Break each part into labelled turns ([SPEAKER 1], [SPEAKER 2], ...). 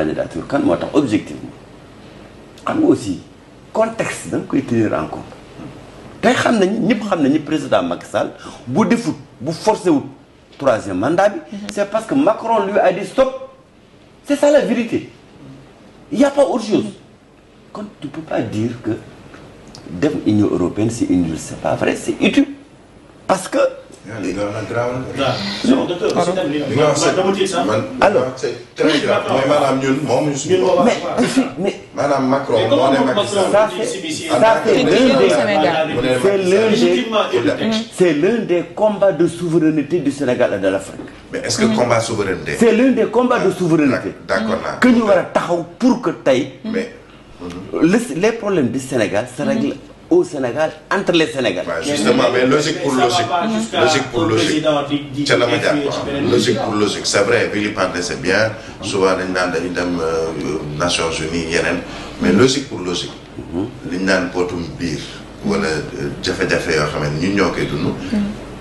[SPEAKER 1] candidature kan moo tax objectivement xam nga aussi contexte da nga koy tenir en compte tey xam nañu ñëpp xam nañu président Macky Sall bu defut bu forcé wut troisième mandat bi. Mhm. c'est parce que Macron lui a dit stop c'est ça la vérité il y a pas autre chose kon tu peux pas dire que dem Union européenne c'est inutile c'est pas vrai c'est
[SPEAKER 2] utile parce que. li nga wax nag garaaw alors c'est très grave mooy maanaam ñun moom suñu bopp. mais maanaam Macron moo ne Macky Sall. ça c'est l'un des
[SPEAKER 1] c'est l'un des combats de souveraineté du Sénégal et de l'Afrique. mais est-ce que combat souveraineté. c'est l'un des combats de ah, souveraineté. d'accord que ñu war a taxaw pour que tey. mais les problèmes du Sénégal se règlent au Sénégal entre les Sénégalais. Ouais, justement mais logique pour logique. logique pour logique.
[SPEAKER 2] ca la ma jàpp logique pour logique c'est vrai bien souvent dañ naan dañu dem euh, Nations Unies yeneen mais logique pour logique. liñ naan potum biir wala euh, jafe-jafe yoo xam ne ñoo koy dund.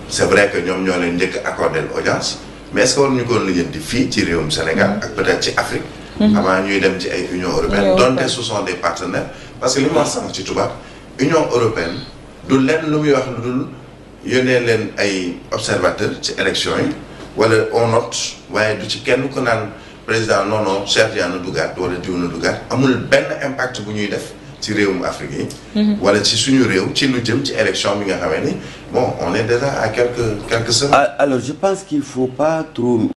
[SPEAKER 2] c'est vrai que ñoom ñoo leen njëkk accordé audience mais est-ce que war ñu ko lijjanti fii ci réewum Sénégal ak peut-être ci Afrique. Mm-hmm. avant ñuy dem ci ay Union européenne donte ce sont des partenaires parce que li ci tubaab. union européenne du lenn lu muy wax lu dul yónnee leen ay observateur ci élection yi wala on waaye du ci kenn ko naan président non non Cheikh dugaat wala diw na dugaat amul benn impact bu ñuy def ci réewum Afrique yi. Mhm. wala ci suñu réew ci lu jëm ci élection bi nga xamee ni bon on est déjà à quelques quelques semaines.
[SPEAKER 1] Ah, alors je pense qu'il faut pas trop.